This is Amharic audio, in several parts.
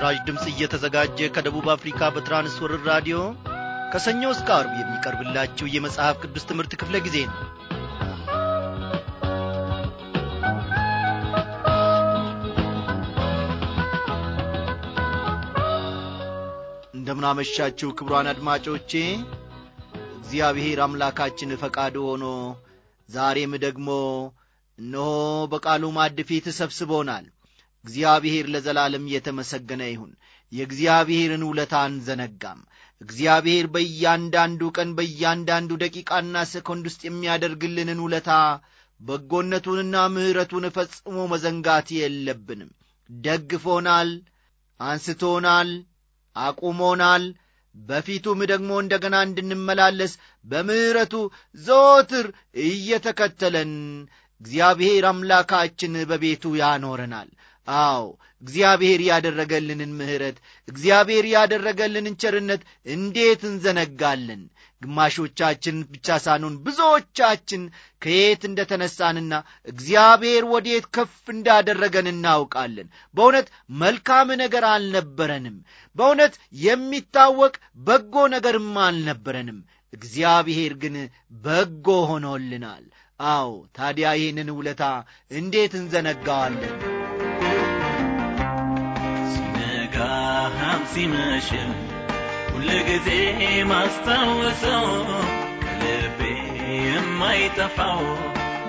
ለምስራች ድምፅ እየተዘጋጀ ከደቡብ አፍሪካ በትራንስወርር ራዲዮ ከሰኞ እስከ አርብ የሚቀርብላችሁ የመጽሐፍ ቅዱስ ትምህርት ክፍለ ጊዜ ነው እንደምናመሻችሁ ክብሯን አድማጮቼ እግዚአብሔር አምላካችን ፈቃድ ሆኖ ዛሬም ደግሞ እነሆ በቃሉ ማድፊት ሰብስቦናል እግዚአብሔር ለዘላለም የተመሰገነ ይሁን። የእግዚአብሔርን ውለታ አንዘነጋም። እግዚአብሔር በእያንዳንዱ ቀን በእያንዳንዱ ደቂቃና ሰኮንድ ውስጥ የሚያደርግልንን ውለታ በጎነቱንና ምሕረቱን ፈጽሞ መዘንጋት የለብንም። ደግፎናል፣ አንስቶናል፣ አቁሞናል። በፊቱም ደግሞ እንደገና እንድንመላለስ በምሕረቱ ዘወትር እየተከተለን እግዚአብሔር አምላካችን በቤቱ ያኖረናል። አዎ እግዚአብሔር ያደረገልንን ምሕረት እግዚአብሔር ያደረገልንን ቸርነት እንዴት እንዘነጋለን? ግማሾቻችን ብቻ ሳኑን ብዙዎቻችን ከየት እንደ ተነሳንና እግዚአብሔር ወዴት ከፍ እንዳደረገን እናውቃለን። በእውነት መልካም ነገር አልነበረንም። በእውነት የሚታወቅ በጎ ነገርም አልነበረንም። እግዚአብሔር ግን በጎ ሆኖልናል። አዎ ታዲያ ይህንን ውለታ እንዴት እንዘነጋዋለን? ሲመሽም ሁል ጊዜ ማስታወሰው ከልቤ የማይጠፋው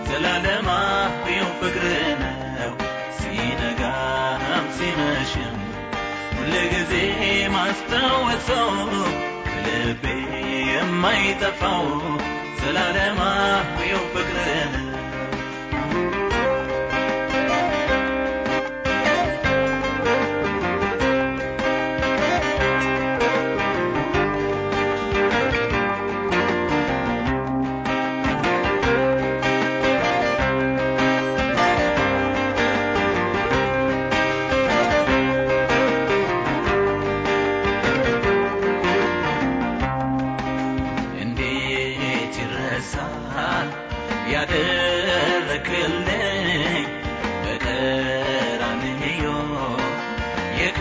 ዘላለማዊው ፍቅር ነው ሲነጋም ሲመሽም ሁል ጊዜ ማስታወሰው ከልቤ የማይጠፋው ዘላለማዊው ፍቅር ነው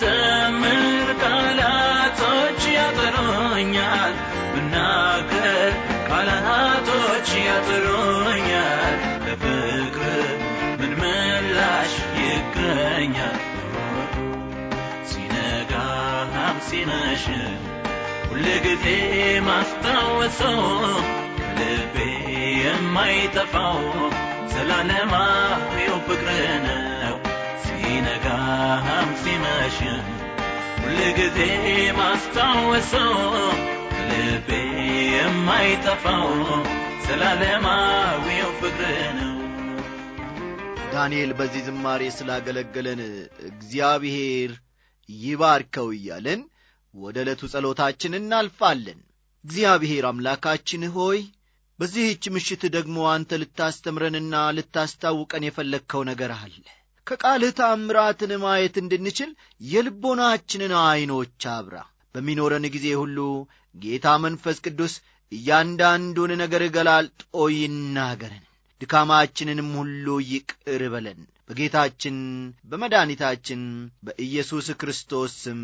ስዘምር ቃላቶች ያጠሩኛል ምናገር ቃላቶች ያጠሩኛል ለፍቅር ምን ምላሽ ይገኛል ሲነጋም ሲመሽ ሁልጊዜ ማስታወሰው ልቤ የማይጠፋው ብርሃን ሲመሽን ሁልጊዜ ማስታወሰው ከልቤ የማይጠፋው ዘላለማዊው ፍቅር ነው ዳንኤል በዚህ ዝማሬ ስላገለገለን እግዚአብሔር ይባርከው እያለን ወደ ዕለቱ ጸሎታችን እናልፋለን እግዚአብሔር አምላካችን ሆይ በዚህች ምሽት ደግሞ አንተ ልታስተምረንና ልታስታውቀን የፈለግከው ነገር አለ ከቃልህ ታምራትን ማየት እንድንችል የልቦናችንን ዐይኖች አብራ። በሚኖረን ጊዜ ሁሉ ጌታ መንፈስ ቅዱስ እያንዳንዱን ነገር ገላልጦ ይናገረን፣ ድካማችንንም ሁሉ ይቅር በለን። በጌታችን በመድኒታችን በኢየሱስ ክርስቶስ ስም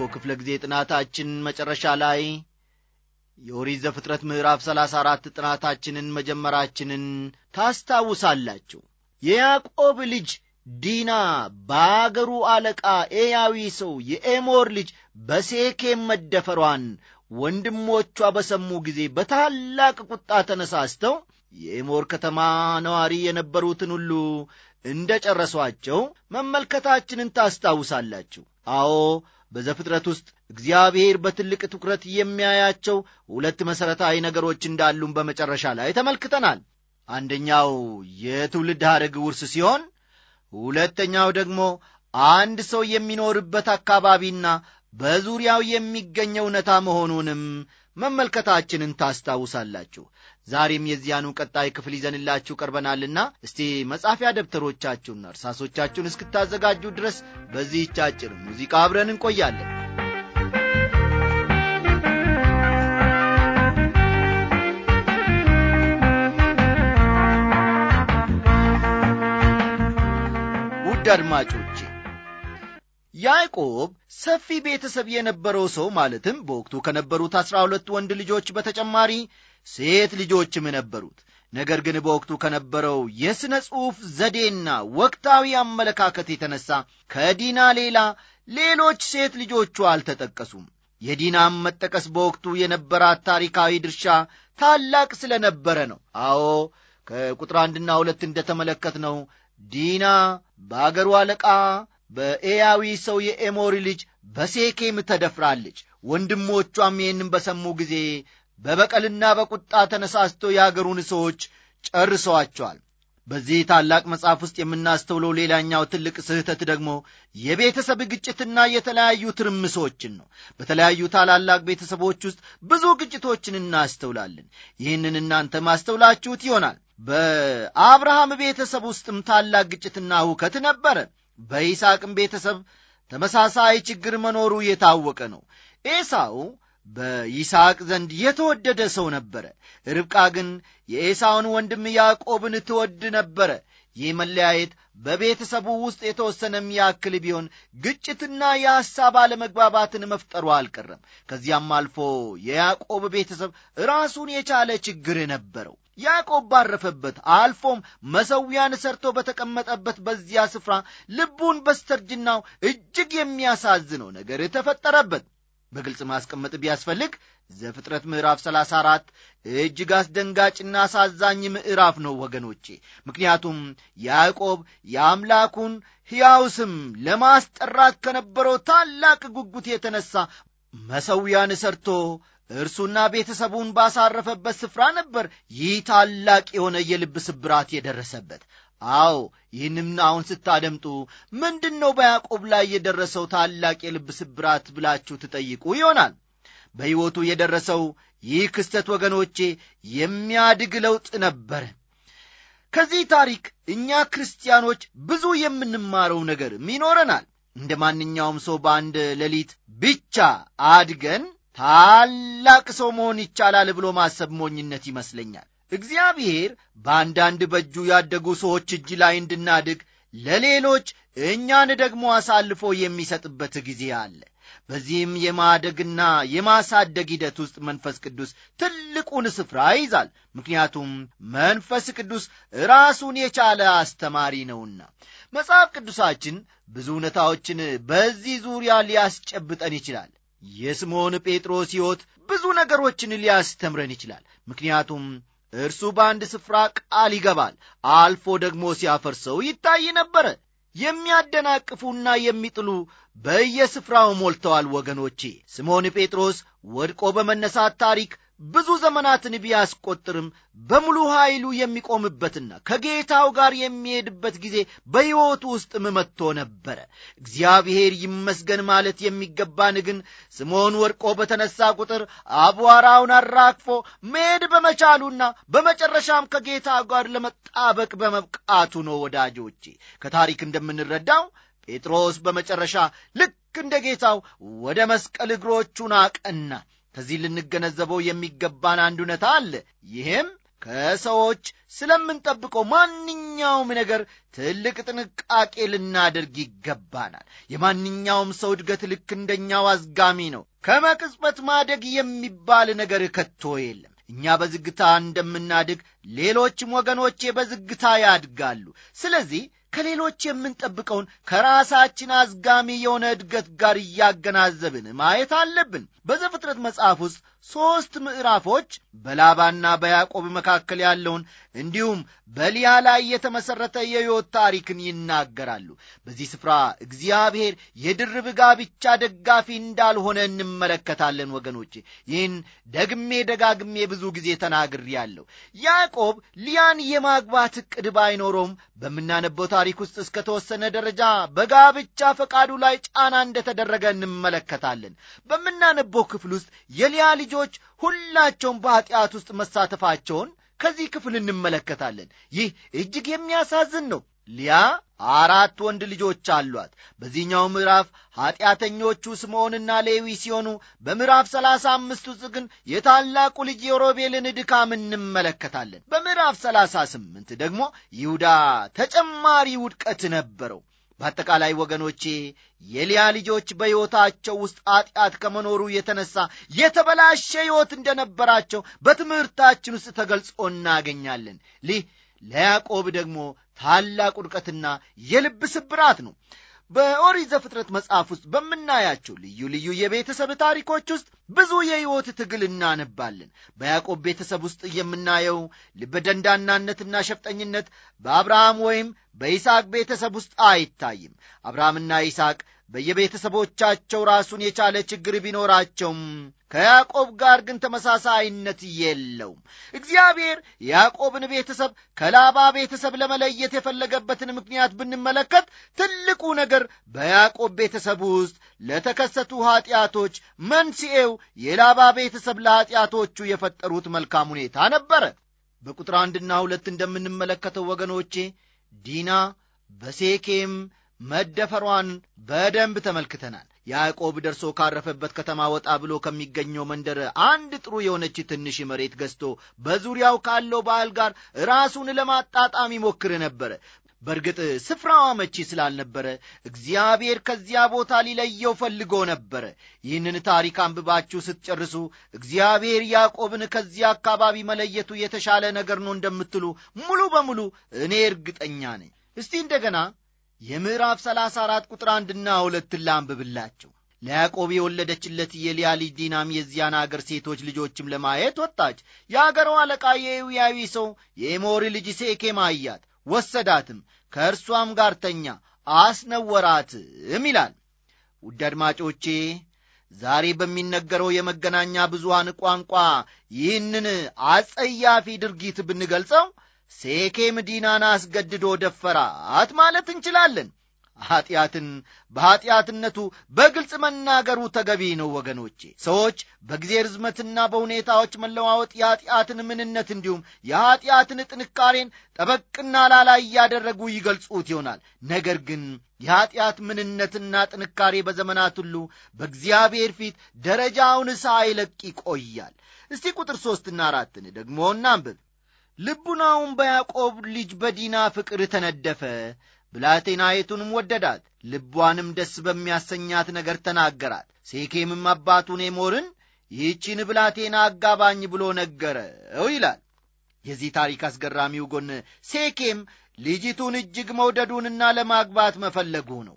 ባለፈው ክፍለ ጊዜ ጥናታችን መጨረሻ ላይ የኦሪት ዘፍጥረት ምዕራፍ ሰላሳ አራት ጥናታችንን መጀመራችንን ታስታውሳላችሁ። የያዕቆብ ልጅ ዲና በአገሩ አለቃ ኤያዊ ሰው የኤሞር ልጅ በሴኬም መደፈሯን ወንድሞቿ በሰሙ ጊዜ በታላቅ ቁጣ ተነሳስተው የኤሞር ከተማ ነዋሪ የነበሩትን ሁሉ እንደ ጨረሷቸው መመልከታችንን ታስታውሳላችሁ። አዎ በዘፍጥረት ውስጥ እግዚአብሔር በትልቅ ትኩረት የሚያያቸው ሁለት መሠረታዊ ነገሮች እንዳሉን በመጨረሻ ላይ ተመልክተናል። አንደኛው የትውልድ ሐረግ ውርስ ሲሆን ሁለተኛው ደግሞ አንድ ሰው የሚኖርበት አካባቢና በዙሪያው የሚገኘ እውነታ መሆኑንም መመልከታችንን ታስታውሳላችሁ። ዛሬም የዚያኑ ቀጣይ ክፍል ይዘንላችሁ ቀርበናልና እስቲ መጻፊያ ደብተሮቻችሁና እርሳሶቻችሁን እስክታዘጋጁ ድረስ በዚህች አጭር ሙዚቃ አብረን እንቆያለን። ውድ አድማጮቼ ያዕቆብ ሰፊ ቤተሰብ የነበረው ሰው ማለትም በወቅቱ ከነበሩት አሥራ ሁለት ወንድ ልጆች በተጨማሪ ሴት ልጆችም ነበሩት። ነገር ግን በወቅቱ ከነበረው የሥነ ጽሑፍ ዘዴና ወቅታዊ አመለካከት የተነሳ ከዲና ሌላ ሌሎች ሴት ልጆቹ አልተጠቀሱም። የዲናም መጠቀስ በወቅቱ የነበራት ታሪካዊ ድርሻ ታላቅ ስለነበረ ነው። አዎ ከቁጥር አንድና ሁለት ነው ዲና በአገሩ አለቃ በኤያዊ ሰው የኤሞሪ ልጅ በሴኬም ተደፍራለች። ወንድሞቿም ይህንም በሰሙ ጊዜ በበቀልና በቁጣ ተነሳስቶ የአገሩን ሰዎች ጨርሰዋቸዋል። በዚህ ታላቅ መጽሐፍ ውስጥ የምናስተውለው ሌላኛው ትልቅ ስህተት ደግሞ የቤተሰብ ግጭትና የተለያዩ ትርምሶችን ነው። በተለያዩ ታላላቅ ቤተሰቦች ውስጥ ብዙ ግጭቶችን እናስተውላለን። ይህንን እናንተ ማስተውላችሁት ይሆናል። በአብርሃም ቤተሰብ ውስጥም ታላቅ ግጭትና ሁከት ነበረ። በይስሐቅም ቤተሰብ ተመሳሳይ ችግር መኖሩ የታወቀ ነው። ኤሳው በይስሐቅ ዘንድ የተወደደ ሰው ነበረ። ርብቃ ግን የኤሳውን ወንድም ያዕቆብን ትወድ ነበረ። ይህ መለያየት በቤተሰቡ ውስጥ የተወሰነም ያክል ቢሆን ግጭትና የሐሳብ አለመግባባትን መፍጠሩ አልቀረም። ከዚያም አልፎ የያዕቆብ ቤተሰብ ራሱን የቻለ ችግር ነበረው። ያዕቆብ ባረፈበት አልፎም መሠዊያን ሰርቶ በተቀመጠበት በዚያ ስፍራ ልቡን በስተርጅናው እጅግ የሚያሳዝነው ነገር ተፈጠረበት። በግልጽ ማስቀመጥ ቢያስፈልግ ዘፍጥረት ምዕራፍ 34 እጅግ አስደንጋጭና አሳዛኝ ምዕራፍ ነው ወገኖቼ። ምክንያቱም ያዕቆብ የአምላኩን ሕያው ስም ለማስጠራት ከነበረው ታላቅ ጉጉት የተነሳ መሠዊያን ሰርቶ እርሱና ቤተሰቡን ባሳረፈበት ስፍራ ነበር ይህ ታላቅ የሆነ የልብ ስብራት የደረሰበት። አዎ ይህንም አሁን ስታደምጡ ምንድን ነው በያዕቆብ ላይ የደረሰው ታላቅ የልብ ስብራት ብላችሁ ትጠይቁ ይሆናል። በሕይወቱ የደረሰው ይህ ክስተት ወገኖቼ የሚያድግ ለውጥ ነበር። ከዚህ ታሪክ እኛ ክርስቲያኖች ብዙ የምንማረው ነገርም ይኖረናል። እንደ ማንኛውም ሰው በአንድ ሌሊት ብቻ አድገን ታላቅ ሰው መሆን ይቻላል ብሎ ማሰብ ሞኝነት ይመስለኛል። እግዚአብሔር በአንዳንድ በእጁ ያደጉ ሰዎች እጅ ላይ እንድናድግ ለሌሎች እኛን ደግሞ አሳልፎ የሚሰጥበት ጊዜ አለ። በዚህም የማደግና የማሳደግ ሂደት ውስጥ መንፈስ ቅዱስ ትልቁን ስፍራ ይዛል። ምክንያቱም መንፈስ ቅዱስ ራሱን የቻለ አስተማሪ ነውና። መጽሐፍ ቅዱሳችን ብዙ እውነታዎችን በዚህ ዙሪያ ሊያስጨብጠን ይችላል። የስምዖን ጴጥሮስ ሕይወት ብዙ ነገሮችን ሊያስተምረን ይችላል። ምክንያቱም እርሱ በአንድ ስፍራ ቃል ይገባል፣ አልፎ ደግሞ ሲያፈርሰው ይታይ ነበረ። የሚያደናቅፉና የሚጥሉ በየስፍራው ሞልተዋል። ወገኖቼ ስምዖን ጴጥሮስ ወድቆ በመነሳት ታሪክ ብዙ ዘመናትን ቢያስቆጥርም በሙሉ ኃይሉ የሚቆምበትና ከጌታው ጋር የሚሄድበት ጊዜ በሕይወቱ ውስጥ መጥቶ ነበረ። እግዚአብሔር ይመስገን ማለት የሚገባን ግን ስምዖን ወድቆ በተነሳ ቁጥር አቧራውን አራግፎ መሄድ በመቻሉና በመጨረሻም ከጌታው ጋር ለመጣበቅ በመብቃቱ ነው። ወዳጆቼ ከታሪክ እንደምንረዳው ጴጥሮስ በመጨረሻ ልክ እንደ ጌታው ወደ መስቀል እግሮቹን አቀና። ከዚህ ልንገነዘበው የሚገባን አንድ እውነታ አለ። ይህም ከሰዎች ስለምንጠብቀው ማንኛውም ነገር ትልቅ ጥንቃቄ ልናደርግ ይገባናል። የማንኛውም ሰው እድገት ልክ እንደኛው አዝጋሚ ነው። ከመቅጽበት ማደግ የሚባል ነገር ከቶ የለም። እኛ በዝግታ እንደምናድግ ሌሎችም ወገኖቼ በዝግታ ያድጋሉ። ስለዚህ ከሌሎች የምንጠብቀውን ከራሳችን አዝጋሚ የሆነ እድገት ጋር እያገናዘብን ማየት አለብን። በዘፍጥረት መጽሐፍ ውስጥ ሦስት ምዕራፎች በላባና በያዕቆብ መካከል ያለውን እንዲሁም በሊያ ላይ የተመሠረተ የሕይወት ታሪክን ይናገራሉ። በዚህ ስፍራ እግዚአብሔር የድርብ ጋብቻ ደጋፊ እንዳልሆነ እንመለከታለን። ወገኖቼ ይህን ደግሜ ደጋግሜ ብዙ ጊዜ ተናግሬአለሁ። ያዕቆብ ሊያን የማግባት ዕቅድ ባይኖረውም በምናነበው ታሪክ ውስጥ እስከ ተወሰነ ደረጃ በጋብቻ ፈቃዱ ላይ ጫና እንደተደረገ እንመለከታለን። በምናነበው ክፍል ውስጥ የሊያ ልጆች ሁላቸውም በኀጢአት ውስጥ መሳተፋቸውን ከዚህ ክፍል እንመለከታለን። ይህ እጅግ የሚያሳዝን ነው። ሊያ አራት ወንድ ልጆች አሏት። በዚህኛው ምዕራፍ ኀጢአተኞቹ ስምዖንና ሌዊ ሲሆኑ በምዕራፍ ሰላሳ አምስት ውስጥ ግን የታላቁ ልጅ የሮቤልን ድካም እንመለከታለን። በምዕራፍ ሰላሳ ስምንት ደግሞ ይሁዳ ተጨማሪ ውድቀት ነበረው። በአጠቃላይ ወገኖቼ የሊያ ልጆች በሕይወታቸው ውስጥ ኀጢአት ከመኖሩ የተነሳ የተበላሸ ሕይወት እንደነበራቸው በትምህርታችን ውስጥ ተገልጾ እናገኛለን። ለያዕቆብ ደግሞ ታላቅ ውድቀትና የልብ ስብራት ነው። በኦሪት ዘፍጥረት መጽሐፍ ውስጥ በምናያቸው ልዩ ልዩ የቤተሰብ ታሪኮች ውስጥ ብዙ የሕይወት ትግል እናነባለን። በያዕቆብ ቤተሰብ ውስጥ የምናየው ልበደንዳናነትና ሸፍጠኝነት በአብርሃም ወይም በይስሐቅ ቤተሰብ ውስጥ አይታይም። አብርሃምና ይስሐቅ በየቤተሰቦቻቸው ራሱን የቻለ ችግር ቢኖራቸውም ከያዕቆብ ጋር ግን ተመሳሳይነት የለውም። እግዚአብሔር ያዕቆብን ቤተሰብ ከላባ ቤተሰብ ለመለየት የፈለገበትን ምክንያት ብንመለከት ትልቁ ነገር በያዕቆብ ቤተሰብ ውስጥ ለተከሰቱ ኀጢአቶች መንስኤው የላባ ቤተሰብ ለኀጢአቶቹ የፈጠሩት መልካም ሁኔታ ነበረ። በቁጥር አንድና ሁለት እንደምንመለከተው ወገኖቼ ዲና በሴኬም መደፈሯን በደንብ ተመልክተናል። ያዕቆብ ደርሶ ካረፈበት ከተማ ወጣ ብሎ ከሚገኘው መንደር አንድ ጥሩ የሆነች ትንሽ መሬት ገዝቶ በዙሪያው ካለው ባህል ጋር ራሱን ለማጣጣም ይሞክር ነበረ። በእርግጥ ስፍራዋ መቺ ስላልነበረ እግዚአብሔር ከዚያ ቦታ ሊለየው ፈልጎ ነበረ። ይህንን ታሪክ አንብባችሁ ስትጨርሱ እግዚአብሔር ያዕቆብን ከዚያ አካባቢ መለየቱ የተሻለ ነገር ነው እንደምትሉ ሙሉ በሙሉ እኔ እርግጠኛ ነኝ። እስቲ እንደገና የምዕራፍ ሰላሳ አራት ቁጥር አንድና ሁለትን ላንብብላችሁ። ለያዕቆብ የወለደችለት የልያ ልጅ ዲናም የዚያን አገር ሴቶች ልጆችም ለማየት ወጣች። የአገሩ አለቃ የኤዊያዊ ሰው የኤሞሪ ልጅ ሴኬም አያት፣ ወሰዳትም፣ ከእርሷም ጋር ተኛ፣ አስነወራትም ይላል። ውድ አድማጮቼ ዛሬ በሚነገረው የመገናኛ ብዙሃን ቋንቋ ይህንን አጸያፊ ድርጊት ብንገልጸው ሴኬም ዲናን አስገድዶ ደፈራት ማለት እንችላለን። ኀጢአትን በኀጢአትነቱ በግልጽ መናገሩ ተገቢ ነው። ወገኖቼ ሰዎች በጊዜ ርዝመትና በሁኔታዎች መለዋወጥ የኀጢአትን ምንነት እንዲሁም የኀጢአትን ጥንካሬን ጠበቅና ላላ እያደረጉ ይገልጹት ይሆናል። ነገር ግን የኀጢአት ምንነትና ጥንካሬ በዘመናት ሁሉ በእግዚአብሔር ፊት ደረጃውን ሳይለቅ ይቆያል። እስቲ ቁጥር ሦስትና አራትን ደግሞ እናንብብ። ልቡናውን በያዕቆብ ልጅ በዲና ፍቅር ተነደፈ። ብላቴናይቱንም ወደዳት፣ ልቧንም ደስ በሚያሰኛት ነገር ተናገራት። ሴኬምም አባቱን ኤሞርን ይህቺን ብላቴና አጋባኝ ብሎ ነገረው ይላል። የዚህ ታሪክ አስገራሚው ጎን ሴኬም ልጅቱን እጅግ መውደዱንና ለማግባት መፈለጉ ነው።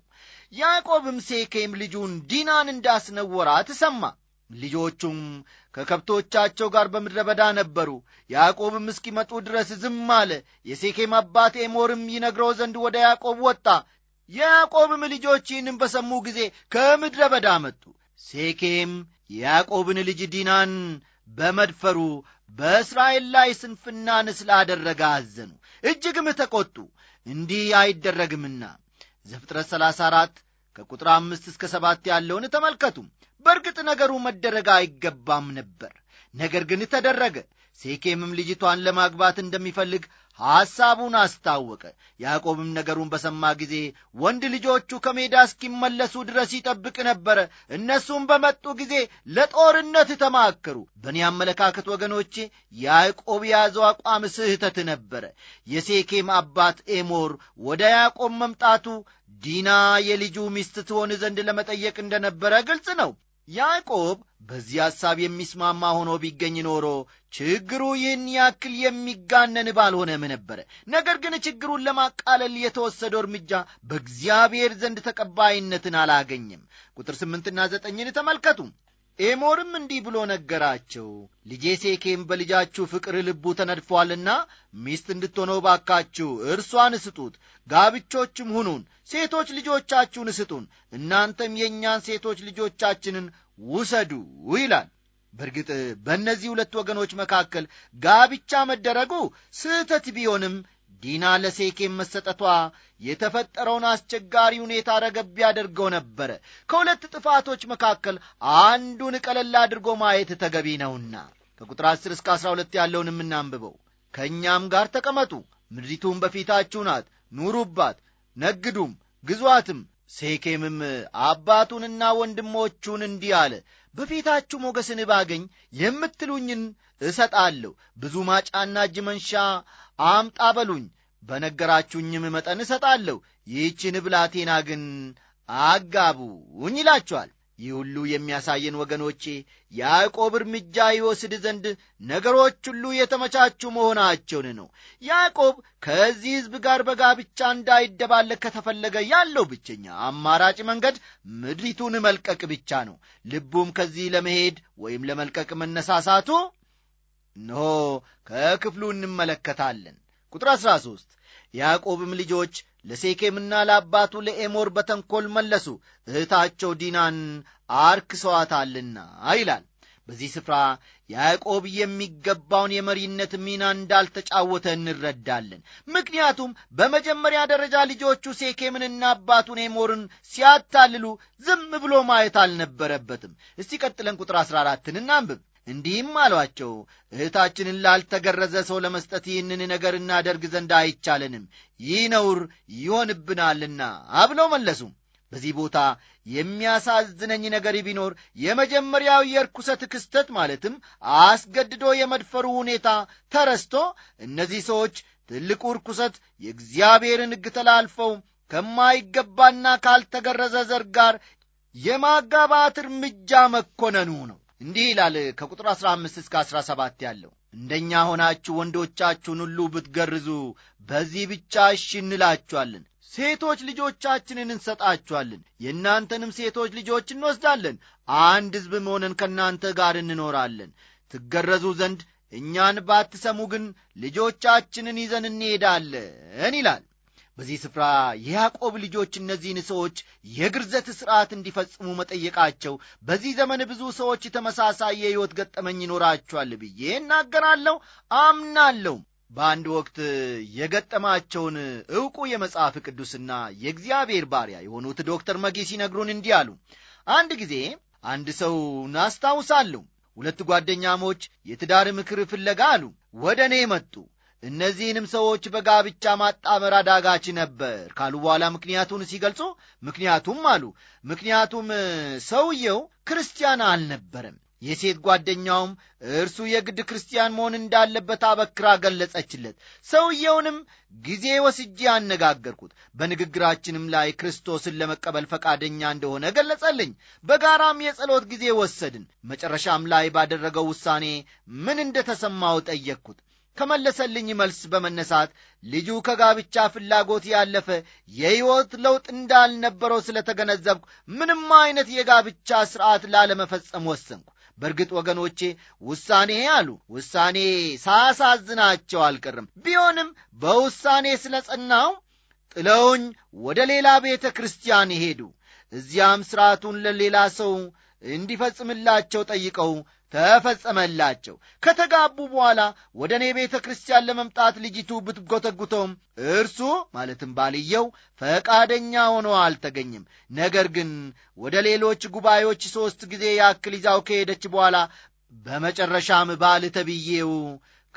ያዕቆብም ሴኬም ልጁን ዲናን እንዳስነወራ ትሰማ ልጆቹም ከከብቶቻቸው ጋር በምድረ በዳ ነበሩ። ያዕቆብም እስኪመጡ ድረስ ዝም አለ። የሴኬም አባት ኤሞርም ይነግረው ዘንድ ወደ ያዕቆብ ወጣ። የያዕቆብም ልጆች ይህንም በሰሙ ጊዜ ከምድረ በዳ መጡ። ሴኬም የያዕቆብን ልጅ ዲናን በመድፈሩ በእስራኤል ላይ ስንፍናን ስላደረገ አዘኑ፣ እጅግም ተቈጡ። እንዲህ አይደረግምና ዘፍጥረት 34 ከቁጥር አምስት እስከ ሰባት ያለውን ተመልከቱ። በእርግጥ ነገሩ መደረግ አይገባም ነበር። ነገር ግን ተደረገ። ሴኬምም ልጅቷን ለማግባት እንደሚፈልግ ሐሳቡን አስታወቀ። ያዕቆብም ነገሩን በሰማ ጊዜ ወንድ ልጆቹ ከሜዳ እስኪመለሱ ድረስ ይጠብቅ ነበረ። እነሱም በመጡ ጊዜ ለጦርነት ተማከሩ። በእኔ አመለካከት ወገኖቼ፣ ያዕቆብ የያዘው አቋም ስህተት ነበረ። የሴኬም አባት ኤሞር ወደ ያዕቆብ መምጣቱ ዲና የልጁ ሚስት ትሆን ዘንድ ለመጠየቅ እንደነበረ ግልጽ ነው። ያዕቆብ በዚህ ሐሳብ የሚስማማ ሆኖ ቢገኝ ኖሮ ችግሩ ይህን ያክል የሚጋነን ባልሆነም ነበረ። ነገር ግን ችግሩን ለማቃለል የተወሰደው እርምጃ በእግዚአብሔር ዘንድ ተቀባይነትን አላገኘም። ቁጥር ስምንትና ዘጠኝን ተመልከቱ። ኤሞርም እንዲህ ብሎ ነገራቸው፣ ልጄ ሴኬም በልጃችሁ ፍቅር ልቡ ተነድፏልና ሚስት እንድትሆነው ባካችሁ እርሷን ስጡት። ጋብቾችም ሁኑን፣ ሴቶች ልጆቻችሁን ስጡን፣ እናንተም የእኛን ሴቶች ልጆቻችንን ውሰዱ ይላል። በእርግጥ በእነዚህ ሁለት ወገኖች መካከል ጋብቻ መደረጉ ስህተት ቢሆንም ዲና ለሴኬም መሰጠቷ የተፈጠረውን አስቸጋሪ ሁኔታ ረገብ ያደርገው ነበረ። ከሁለት ጥፋቶች መካከል አንዱን ቀለል አድርጎ ማየት ተገቢ ነውና ከቁጥር 10 እስከ 12 ያለውን የምናንብበው ከእኛም ጋር ተቀመጡ፣ ምድሪቱም በፊታችሁ ናት፣ ኑሩባት፣ ነግዱም፣ ግዙአትም። ሴኬምም አባቱንና ወንድሞቹን እንዲህ አለ፣ በፊታችሁ ሞገስን ባገኝ የምትሉኝን እሰጣለሁ፣ ብዙ ማጫና እጅ መንሻ አምጣ በሉኝ በነገራችሁኝም መጠን እሰጣለሁ፣ ይህችን ብላቴና ግን አጋቡኝ ይላቸዋል። ይህ ሁሉ የሚያሳየን ወገኖቼ ያዕቆብ እርምጃ ይወስድ ዘንድ ነገሮች ሁሉ የተመቻቹ መሆናቸውን ነው። ያዕቆብ ከዚህ ሕዝብ ጋር በጋብቻ እንዳይደባለ ከተፈለገ ያለው ብቸኛ አማራጭ መንገድ ምድሪቱን መልቀቅ ብቻ ነው። ልቡም ከዚህ ለመሄድ ወይም ለመልቀቅ መነሳሳቱ እነሆ ከክፍሉ እንመለከታለን። ቁጥር 13 ያዕቆብም ልጆች ለሴኬምና ለአባቱ ለኤሞር በተንኰል መለሱ እህታቸው ዲናን አርክሰዋታልና ይላል። በዚህ ስፍራ ያዕቆብ የሚገባውን የመሪነት ሚና እንዳልተጫወተ እንረዳለን። ምክንያቱም በመጀመሪያ ደረጃ ልጆቹ ሴኬምንና አባቱን ኤሞርን ሲያታልሉ ዝም ብሎ ማየት አልነበረበትም። እስቲ ቀጥለን ቁጥር 14 እናንብብ። እንዲህም አሏቸው እህታችንን ላልተገረዘ ሰው ለመስጠት ይህንን ነገር እናደርግ ዘንድ አይቻለንም፣ ይህ ነውር ይሆንብናልና አብለው መለሱ። በዚህ ቦታ የሚያሳዝነኝ ነገር ቢኖር የመጀመሪያው የርኩሰት ክስተት ማለትም አስገድዶ የመድፈሩ ሁኔታ ተረስቶ እነዚህ ሰዎች ትልቁ ርኩሰት የእግዚአብሔርን ሕግ ተላልፈው ከማይገባና ካልተገረዘ ዘር ጋር የማጋባት እርምጃ መኮነኑ ነው። እንዲህ ይላል ከቁጥር 15 እስከ 17 ያለው እንደኛ ሆናችሁ ወንዶቻችሁን ሁሉ ብትገርዙ በዚህ ብቻ እሺ እንላችኋለን። ሴቶች ልጆቻችንን እንሰጣችኋለን፣ የእናንተንም ሴቶች ልጆች እንወስዳለን፣ አንድ ሕዝብ መሆነን ከእናንተ ጋር እንኖራለን። ትገረዙ ዘንድ እኛን ባትሰሙ ግን ልጆቻችንን ይዘን እንሄዳለን ይላል። በዚህ ስፍራ የያዕቆብ ልጆች እነዚህን ሰዎች የግርዘት ሥርዓት እንዲፈጽሙ መጠየቃቸው በዚህ ዘመን ብዙ ሰዎች ተመሳሳይ የሕይወት ገጠመኝ ይኖራቸዋል ብዬ እናገራለሁ፣ አምናለሁ። በአንድ ወቅት የገጠማቸውን ዕውቁ የመጽሐፍ ቅዱስና የእግዚአብሔር ባሪያ የሆኑት ዶክተር መጊ ሲነግሩን እንዲህ አሉ። አንድ ጊዜ አንድ ሰው አስታውሳለሁ። ሁለት ጓደኛሞች የትዳር ምክር ፍለጋ አሉ ወደ እኔ መጡ። እነዚህንም ሰዎች በጋብቻ ማጣመር አዳጋች ነበር ካሉ በኋላ ምክንያቱን ሲገልጹ ምክንያቱም አሉ ምክንያቱም ሰውየው ክርስቲያን አልነበረም። የሴት ጓደኛውም እርሱ የግድ ክርስቲያን መሆን እንዳለበት አበክራ ገለጸችለት። ሰውየውንም ጊዜ ወስጄ አነጋገርኩት። በንግግራችንም ላይ ክርስቶስን ለመቀበል ፈቃደኛ እንደሆነ ገለጸልኝ። በጋራም የጸሎት ጊዜ ወሰድን። መጨረሻም ላይ ባደረገው ውሳኔ ምን እንደተሰማው ጠየቅኩት። ከመለሰልኝ መልስ በመነሳት ልጁ ከጋብቻ ፍላጎት ያለፈ የሕይወት ለውጥ እንዳልነበረው ስለተገነዘብኩ ምንም አይነት የጋብቻ ሥርዓት ላለመፈጸም ወሰንኩ። በእርግጥ ወገኖቼ ውሳኔ አሉ ውሳኔ ሳያሳዝናቸው አልቀርም። ቢሆንም በውሳኔ ስለ ጸናው ጥለውኝ ወደ ሌላ ቤተ ክርስቲያን ሄዱ። እዚያም ሥርዓቱን ለሌላ ሰው እንዲፈጽምላቸው ጠይቀው ተፈጸመላቸው። ከተጋቡ በኋላ ወደ እኔ ቤተ ክርስቲያን ለመምጣት ልጅቱ ብትጎተጉተውም እርሱ ማለትም ባልየው ፈቃደኛ ሆኖ አልተገኘም። ነገር ግን ወደ ሌሎች ጉባኤዎች ሦስት ጊዜ ያክል ይዛው ከሄደች በኋላ በመጨረሻም ባል ተብዬው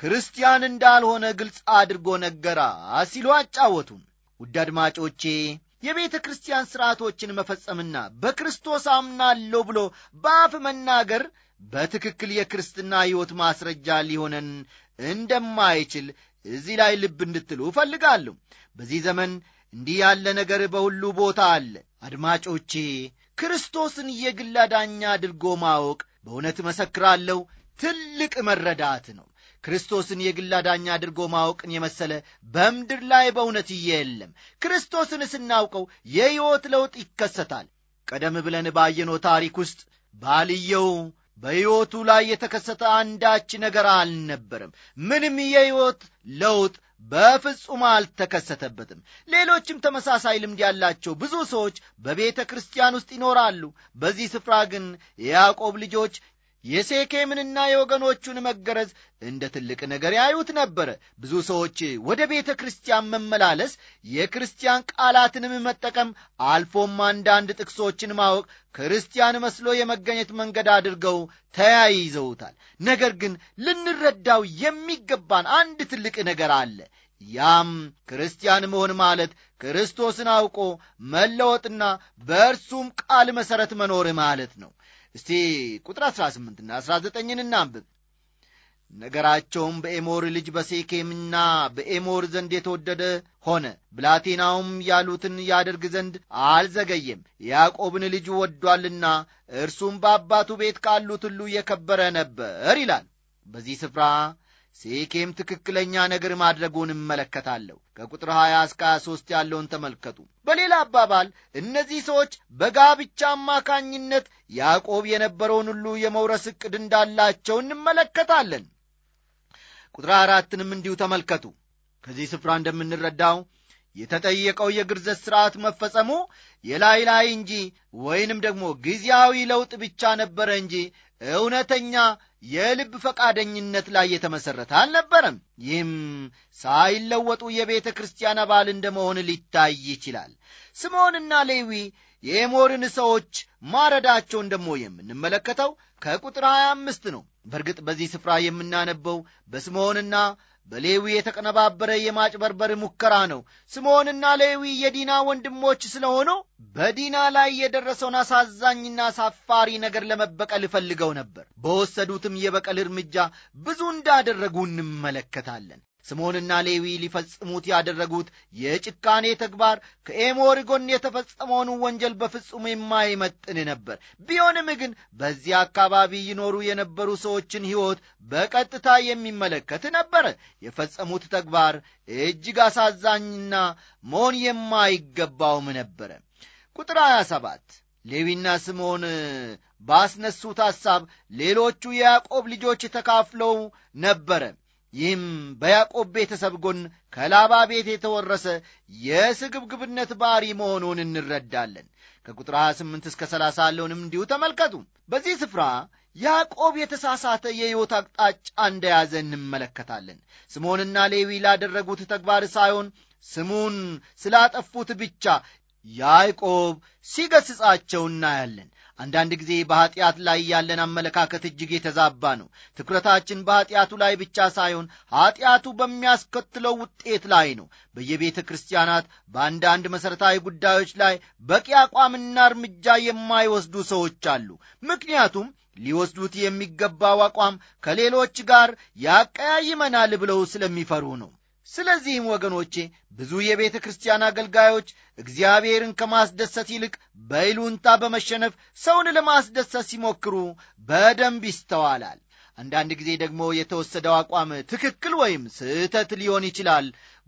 ክርስቲያን እንዳልሆነ ግልጽ አድርጎ ነገራ ሲሉ አጫወቱም። ውድ አድማጮቼ የቤተ ክርስቲያን ሥርዓቶችን መፈጸምና በክርስቶስ አምናለሁ ብሎ በአፍ መናገር በትክክል የክርስትና ሕይወት ማስረጃ ሊሆነን እንደማይችል እዚህ ላይ ልብ እንድትሉ እፈልጋለሁ። በዚህ ዘመን እንዲህ ያለ ነገር በሁሉ ቦታ አለ። አድማጮቼ ክርስቶስን የግል አዳኛ አድርጎ ማወቅ በእውነት መሰክራለሁ ትልቅ መረዳት ነው። ክርስቶስን የግል አዳኛ አድርጎ ማወቅን የመሰለ በምድር ላይ በእውነት የለም። ክርስቶስን ስናውቀው የሕይወት ለውጥ ይከሰታል። ቀደም ብለን ባየነው ታሪክ ውስጥ ባልየው በሕይወቱ ላይ የተከሰተ አንዳች ነገር አልነበረም። ምንም የሕይወት ለውጥ በፍጹም አልተከሰተበትም። ሌሎችም ተመሳሳይ ልምድ ያላቸው ብዙ ሰዎች በቤተ ክርስቲያን ውስጥ ይኖራሉ። በዚህ ስፍራ ግን የያዕቆብ ልጆች የሴኬምንና የወገኖቹን መገረዝ እንደ ትልቅ ነገር ያዩት ነበረ። ብዙ ሰዎች ወደ ቤተ ክርስቲያን መመላለስ፣ የክርስቲያን ቃላትንም መጠቀም፣ አልፎም አንዳንድ ጥቅሶችን ማወቅ ክርስቲያን መስሎ የመገኘት መንገድ አድርገው ተያይዘውታል። ነገር ግን ልንረዳው የሚገባን አንድ ትልቅ ነገር አለ። ያም ክርስቲያን መሆን ማለት ክርስቶስን አውቆ መለወጥና በእርሱም ቃል መሠረት መኖር ማለት ነው። እስቲ ቁጥር 18ና 19 እናንብብ። ነገራቸውም በኤሞር ልጅ በሴኬምና በኤሞር ዘንድ የተወደደ ሆነ። ብላቴናውም ያሉትን ያደርግ ዘንድ አልዘገየም፣ ያዕቆብን ልጅ ወዷልና እርሱም በአባቱ ቤት ካሉት ሁሉ የከበረ ነበር ይላል። በዚህ ስፍራ ሴኬም ትክክለኛ ነገር ማድረጉን እመለከታለሁ። ከቁጥር 20 እስከ 23 ያለውን ተመልከቱ። በሌላ አባባል እነዚህ ሰዎች በጋብቻ አማካኝነት ያዕቆብ የነበረውን ሁሉ የመውረስ ዕቅድ እንዳላቸው እንመለከታለን። ቁጥር አራትንም እንዲሁ ተመልከቱ። ከዚህ ስፍራ እንደምንረዳው የተጠየቀው የግርዘት ሥርዓት መፈጸሙ የላይ ላይ እንጂ ወይንም ደግሞ ጊዜያዊ ለውጥ ብቻ ነበረ እንጂ እውነተኛ የልብ ፈቃደኝነት ላይ የተመሠረተ አልነበረም። ይህም ሳይለወጡ የቤተ ክርስቲያን አባል እንደመሆን ሊታይ ይችላል። ስምዖንና ሌዊ የኤሞርን ሰዎች ማረዳቸውን ደግሞ የምንመለከተው ከቁጥር 25 ነው። በእርግጥ በዚህ ስፍራ የምናነበው በስምዖንና በሌዊ የተቀነባበረ የማጭበርበር ሙከራ ነው። ስምዖንና ሌዊ የዲና ወንድሞች ስለሆኑ በዲና ላይ የደረሰውን አሳዛኝና አሳፋሪ ነገር ለመበቀል ፈልገው ነበር። በወሰዱትም የበቀል እርምጃ ብዙ እንዳደረጉ እንመለከታለን። ስምዖንና ሌዊ ሊፈጽሙት ያደረጉት የጭካኔ ተግባር ከኤሞር ጎን የተፈጸመውን ወንጀል በፍጹም የማይመጥን ነበር። ቢሆንም ግን በዚያ አካባቢ ይኖሩ የነበሩ ሰዎችን ሕይወት በቀጥታ የሚመለከት ነበር። የፈጸሙት ተግባር እጅግ አሳዛኝና መሆን የማይገባውም ነበረ። ቁጥር 27 ሌዊና ስምዖን ባስነሱት ሐሳብ ሌሎቹ የያዕቆብ ልጆች ተካፍለው ነበረ። ይህም በያዕቆብ ቤተሰብ ጎን ከላባ ቤት የተወረሰ የስግብግብነት ባሪ መሆኑን እንረዳለን። ከቁጥር 28 እስከ 30 ያለውንም እንዲሁ ተመልከቱ። በዚህ ስፍራ ያዕቆብ የተሳሳተ የሕይወት አቅጣጫ እንደያዘ እንመለከታለን። ስምዖንና ሌዊ ላደረጉት ተግባር ሳይሆን ስሙን ስላጠፉት ብቻ ያዕቆብ ሲገስጻቸው እናያለን። አንዳንድ ጊዜ በኀጢአት ላይ ያለን አመለካከት እጅግ የተዛባ ነው። ትኩረታችን በኀጢአቱ ላይ ብቻ ሳይሆን ኀጢአቱ በሚያስከትለው ውጤት ላይ ነው። በየቤተ ክርስቲያናት በአንዳንድ መሠረታዊ ጉዳዮች ላይ በቂ አቋምና እርምጃ የማይወስዱ ሰዎች አሉ። ምክንያቱም ሊወስዱት የሚገባው አቋም ከሌሎች ጋር ያቀያይመናል ብለው ስለሚፈሩ ነው። ስለዚህም ወገኖቼ ብዙ የቤተ ክርስቲያን አገልጋዮች እግዚአብሔርን ከማስደሰት ይልቅ በይሉንታ በመሸነፍ ሰውን ለማስደሰት ሲሞክሩ በደንብ ይስተዋላል። አንዳንድ ጊዜ ደግሞ የተወሰደው አቋም ትክክል ወይም ስህተት ሊሆን ይችላል።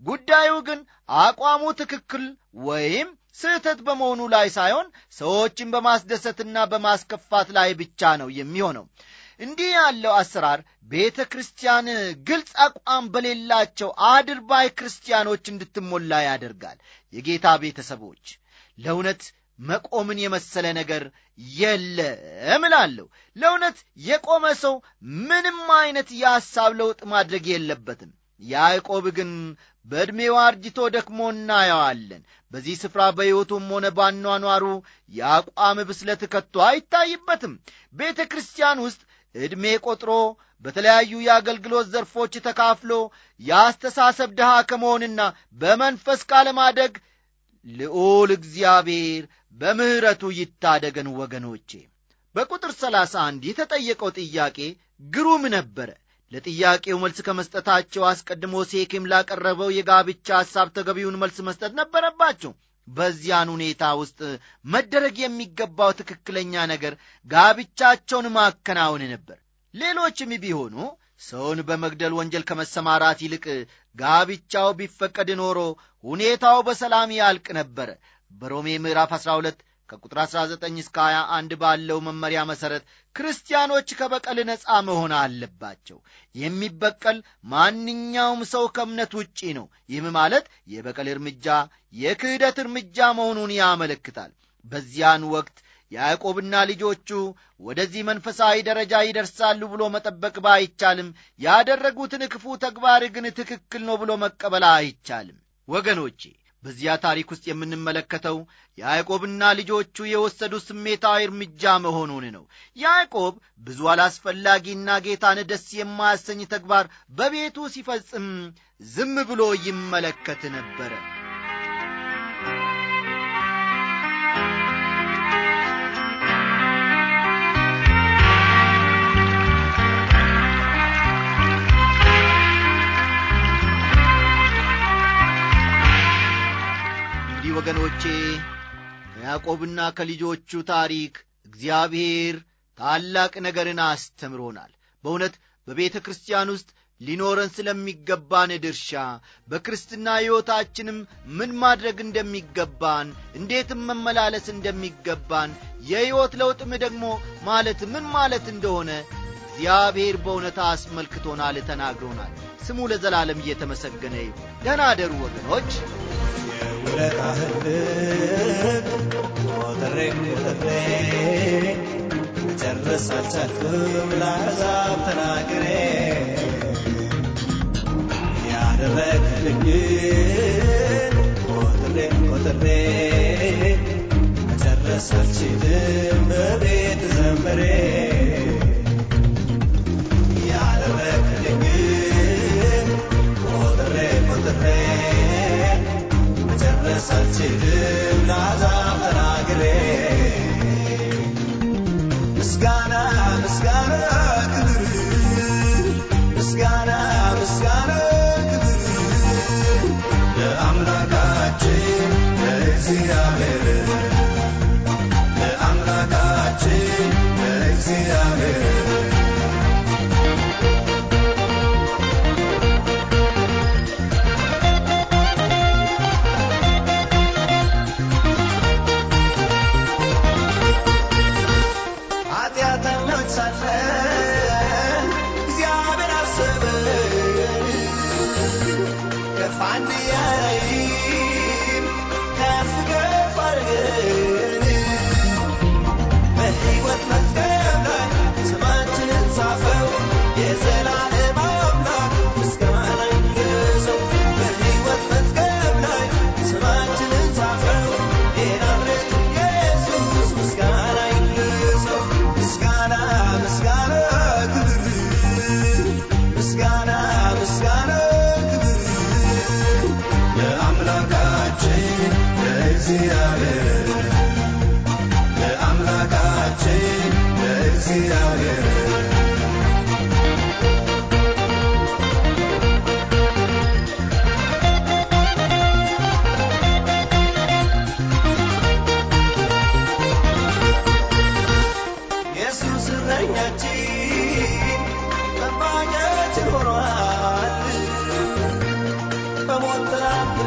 ጉዳዩ ግን አቋሙ ትክክል ወይም ስህተት በመሆኑ ላይ ሳይሆን ሰዎችን በማስደሰትና በማስከፋት ላይ ብቻ ነው የሚሆነው። እንዲህ ያለው አሰራር ቤተ ክርስቲያን ግልጽ አቋም በሌላቸው አድርባይ ክርስቲያኖች እንድትሞላ ያደርጋል። የጌታ ቤተሰቦች ለእውነት መቆምን የመሰለ ነገር የለም እላለሁ። ለእውነት የቆመ ሰው ምንም አይነት የሐሳብ ለውጥ ማድረግ የለበትም። ያዕቆብ ግን በዕድሜው አርጅቶ ደክሞ እናየዋለን። በዚህ ስፍራ በሕይወቱም ሆነ ባኗኗሩ የአቋም ብስለት ከቶ አይታይበትም። ቤተ ክርስቲያን ውስጥ ዕድሜ ቆጥሮ በተለያዩ የአገልግሎት ዘርፎች ተካፍሎ የአስተሳሰብ ድሃ ከመሆንና በመንፈስ ካለማደግ ልዑል እግዚአብሔር በምሕረቱ ይታደገን። ወገኖቼ በቁጥር ሰላሳ አንድ የተጠየቀው ጥያቄ ግሩም ነበረ። ለጥያቄው መልስ ከመስጠታቸው አስቀድሞ ሴኬም ላቀረበው የጋብቻ ሐሳብ ተገቢውን መልስ መስጠት ነበረባቸው። በዚያን ሁኔታ ውስጥ መደረግ የሚገባው ትክክለኛ ነገር ጋብቻቸውን ማከናወን ነበር። ሌሎችም ቢሆኑ ሰውን በመግደል ወንጀል ከመሰማራት ይልቅ ጋብቻው ቢፈቀድ ኖሮ ሁኔታው በሰላም ያልቅ ነበረ። በሮሜ ምዕራፍ 12 ከቁጥር 19 እስከ 21 ባለው መመሪያ መሠረት ክርስቲያኖች ከበቀል ነፃ መሆን አለባቸው። የሚበቀል ማንኛውም ሰው ከእምነት ውጪ ነው። ይህም ማለት የበቀል እርምጃ የክህደት እርምጃ መሆኑን ያመለክታል። በዚያን ወቅት ያዕቆብና ልጆቹ ወደዚህ መንፈሳዊ ደረጃ ይደርሳሉ ብሎ መጠበቅ ባይቻልም ያደረጉትን ክፉ ተግባር ግን ትክክል ነው ብሎ መቀበል አይቻልም። ወገኖቼ በዚያ ታሪክ ውስጥ የምንመለከተው ያዕቆብና ልጆቹ የወሰዱ ስሜታዊ እርምጃ መሆኑን ነው። ያዕቆብ ብዙ አላስፈላጊና ጌታን ደስ የማያሰኝ ተግባር በቤቱ ሲፈጽም ዝም ብሎ ይመለከት ነበረ። ከያዕቆብና ከልጆቹ ታሪክ እግዚአብሔር ታላቅ ነገርን አስተምሮናል። በእውነት በቤተ ክርስቲያን ውስጥ ሊኖረን ስለሚገባን ድርሻ በክርስትና ሕይወታችንም ምን ማድረግ እንደሚገባን፣ እንዴትም መመላለስ እንደሚገባን፣ የሕይወት ለውጥም ደግሞ ማለት ምን ማለት እንደሆነ እግዚአብሔር በእውነት አስመልክቶናል፣ ተናግሮናል። ስሙ ለዘላለም እየተመሰገነ ይሁን። ደናደሩ ወገኖች። የውለታህን ልብ ቆጥሬ ቆጥሬ መጨረስ አልቻልኩም ለአሕዛብ ተናግሬ ያደረግልኝን ቆጥሬ ቆጥሬ መጨረስ አልችልም find me at እረኛችን ጠባቂያችን ሆኗል በሞት